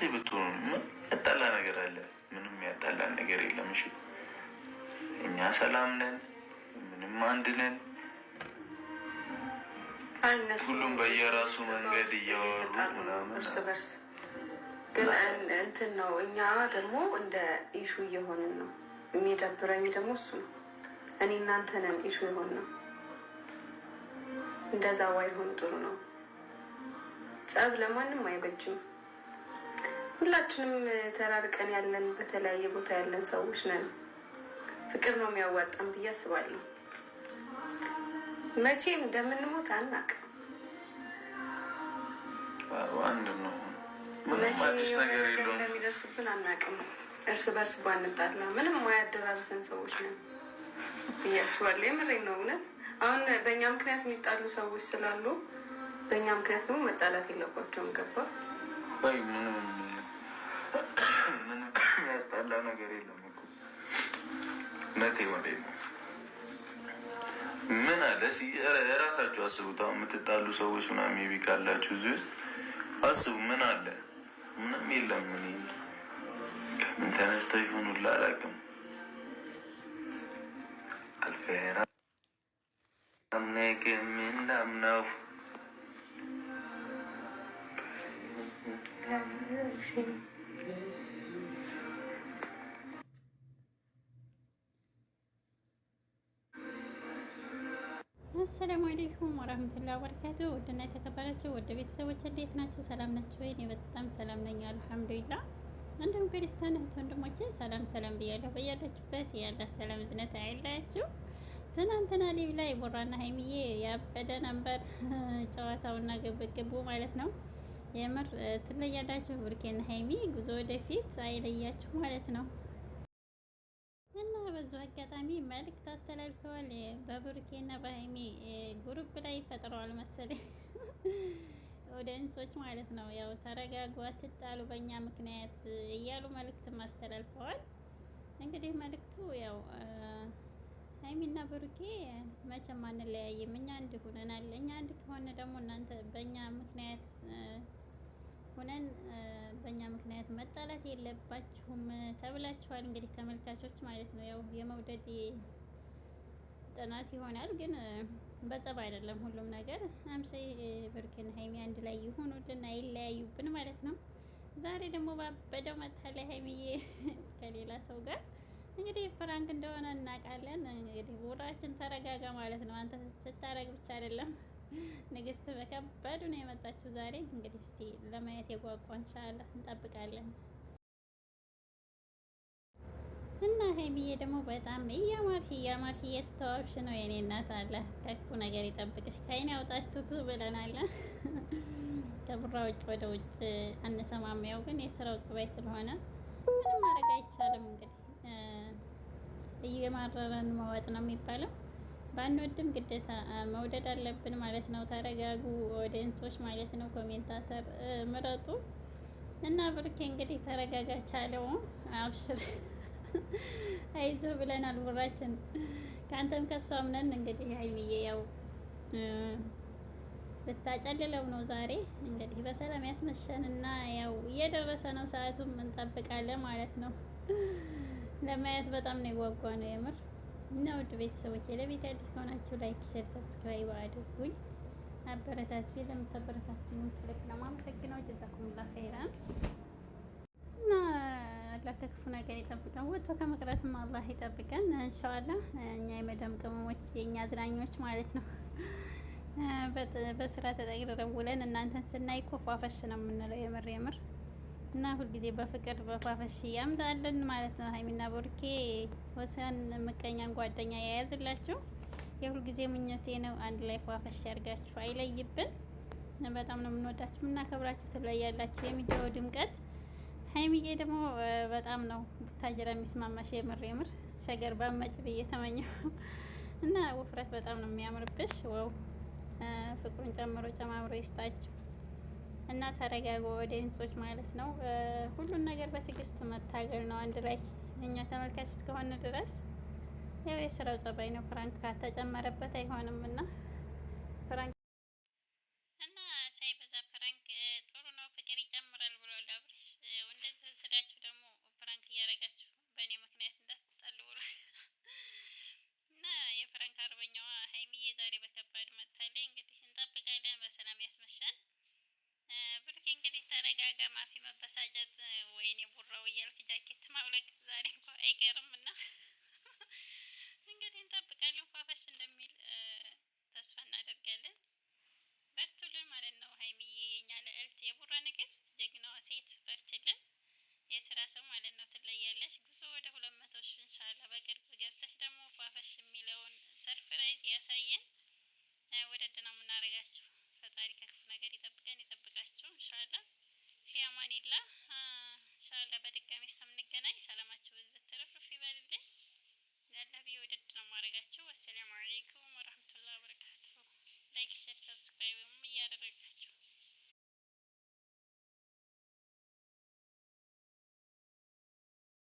ሁለቴ ብትሆኑ ያጣላ ነገር አለ? ምንም ያጣላን ነገር የለም። እሺ እኛ ሰላም ነን፣ ምንም አንድ ነን። ሁሉም በየራሱ መንገድ እያወሩ እርስ በርስ ግን እንትን ነው። እኛ ደግሞ እንደ ኢሹ እየሆንን ነው። የሚደብረኝ ደግሞ እሱ ነው። እኔ እናንተ ነን ኢሹ የሆን ነው። እንደዛ ባይሆን ጥሩ ነው። ጸብ ለማንም አይበጅም። ሁላችንም ተራርቀን ያለን በተለያየ ቦታ ያለን ሰዎች ነን። ፍቅር ነው የሚያዋጣን ብዬ አስባለሁ። መቼ እንደምንሞት አናውቅም። እንደሚደርስብን እርስ በርስ ባንጣላ ምንም ማያደራርሰን ሰዎች ነን ብዬ አስባለሁ። የምሬን ነው እውነት። አሁን በእኛ ምክንያት የሚጣሉ ሰዎች ስላሉ በእኛ ምክንያት ደግሞ መጣላት የለባቸውም። ገባ ምንም ያስጠላ ነገር የለም እኮ መቴ ወደ ምን አለ እራሳችሁ አስቡት። አሁን የምትጣሉ ሰዎች ምናምን ቢ ካላችሁ እዚህ ውስጥ አስቡ። ምን አለ ምንም የለም። ምን ከምን ተነስተው ይሆኑላ አላውቅም። አልፌራ ነገም አሰላሙ አለይኩም ወራህመቱላሂ ወበረካቱ። ውድና የተከበራችሁ ውድ ቤተሰቦች እንዴት ናችሁ? ሰላም ናችሁ ወይ? እኔ በጣም ሰላም ነኝ አልሐምዱሊላህ። እንዲሁም ክርስቲያን እህት ወንድሞቼ ሰላም ሰላም ብያለሁ። በያላችሁበት ያለ ሰላም እዝነት አይለያችሁ። ትናንትና ሊብ ላይ ቦራና ሀይሚዬ ያበደ ነበር ጨዋታውና ግብግቡ ማለት ነው። የምር ትለያላችሁ። ብሩኬና ሀይሚ ጉዞ ወደፊት አይለያችሁ ማለት ነው። በዚሁ አጋጣሚ መልእክት አስተላልፈዋል። በብሩኬና በሀይሚ ጉሩፕ ላይ ፈጥረዋል መሰለኝ ኦዲየንሶች ማለት ነው። ያው ተረጋጉ፣ አትጣሉ በእኛ ምክንያት እያሉ መልእክትም አስተላልፈዋል። እንግዲህ መልእክቱ ያው ሀይሚና ብሩኬ መቼም አንለያይም፣ እኛ አንድ ሆነናል። እኛ አንድ ከሆነ ደግሞ እናንተ በእኛ ምክንያት ሆነን በእኛ ምክንያት መጣላት የለባችሁም ተብላችኋል። እንግዲህ ተመልካቾች ማለት ነው። ያው የመውደድ ጥናት ይሆናል ግን በጸብ አይደለም ሁሉም ነገር። አምሼ ብሩኬና ሀይሚ አንድ ላይ ይሆኑልን አይለያዩብን ማለት ነው። ዛሬ ደግሞ ባበደው መታለ ሀይሚዬ ከሌላ ሰው ጋር እንግዲህ ፍራንክ እንደሆነ እናውቃለን። እንግዲህ ቦታችን ተረጋጋ ማለት ነው። አንተ ስታረግ ብቻ አይደለም ንግስት በከበዱ ነው የመጣችው ዛሬ። እንግዲህ እስቲ ለማየት የጓጓ እንሻላ እንጠብቃለን። እና ሀይሚዬ ደግሞ በጣም እያማርሽ እያማርሽ እየተዋብሽ ነው የኔ እናት፣ አለ ከክፉ ነገር ይጠብቅሽ፣ ከአይን አውጣሽ ትቱ ብለናል። ከቡራ ውጭ ወደ ውጭ አንሰማም። ያው ግን የስራው ጸባይ ስለሆነ ምንም ማድረግ አይቻልም። እንግዲህ እየማረረን መዋጥ ነው የሚባለው። ባንወድም ግዴታ መውደድ አለብን ማለት ነው። ተረጋጉ ኦዲየንሶች ማለት ነው። ኮሜንታተር ምረጡ እና ብሩኬ እንግዲህ ተረጋጋ ቻለው አብሽር አይዞ ብለናል። ውራችን ከአንተም ከሷም ነን እንግዲህ ሀይሚዬ ያው ልታጨልለው ነው ዛሬ እንግዲህ በሰላም ያስመሸን እና ያው እየደረሰ ነው ሰዓቱም እንጠብቃለን ማለት ነው። ለማየት በጣም ነው የጓጓ ነው የምር እና ውድ ቤተሰቦች ለቤት አዲስ ከሆናችሁ ላይክ፣ ሼር፣ ሰብስክራይብ አድርጉኝ። አበረታት ፊ ለምታበረታቱኝ ትልቅ ለማመሰግነው ማመሰግነው። ጀዛኩሙላህ ኸይራን እና አላህ ከክፉ ነገር ይጠብቀን፣ ወጥቶ ከመቅረትም አላህ ይጠብቀን። እንሻአላህ እኛ የመደም ቅመሞች የእኛ አዝናኞች ማለት ነው በስራ ተጠቅልለን ውለን እናንተን ስናይ ኮፋፈሽ ነው የምንለው የምር የምር እና ሁልጊዜ በፍቅር በፋፈሽ ያምጣልን ማለት ነው። ሀይሚና ቦርኬ ወሰን ምቀኛን ጓደኛ የያዝላችሁ የሁልጊዜ ምኞቴ ነው። አንድ ላይ ፏፈሽ ያርጋችሁ አይለይብን። በጣም ነው የምንወዳችሁ የምናከብራችሁ። ስለያላችሁ የሚዲያው ድምቀት ሀይሚዬ ደግሞ በጣም ነው ብታጀራ የሚስማማሽ የምር የምር ሸገር ባመጭ ብዬ ተመኘው እና ውፍረት በጣም ነው የሚያምርብሽ። ወው ፍቅሩን ጨምሮ ጨማምሮ ይስጣችሁ። እና ተረጋጉ ኦዲየንሶች ማለት ነው። ሁሉን ነገር በትዕግስት መታገል ነው። አንድ ላይ እኛ ተመልካች እስከሆነ ድረስ ያው የስራው ጸባይ ነው። ፍራንክ ካልተጨመረበት አይሆንም እና ፍራንክ እና ሳይበዛ ፍቅር ይጨምራል ደግሞ ፍራንክ እያደረጋችሁ የፍራንክ አርበኛዋ እንጠብቃለን መረጋጋ ማፊ መበሳጨት ወይኔ ቡራው እያልክ ጃኬት ማውለቅ ዛሬ እንኳ አይቀርም እና እንግዲህ እንጠብቃለን ፏፈሽ እንደሚል ተስፋ እናደርጋለን። በርቱልን ማለት ነው። ሀይሚዬ የኛ ልዕልት የቡራ ንግስት ፊያማኒላ ኢንሻአላህ በድጋሚ እስከምንገናኝ ሰላማችሁ ብዝት ትረፍረፍ ይበልልኝ። ያለ ብዬ ወደድ ነው ማድረጋችሁ።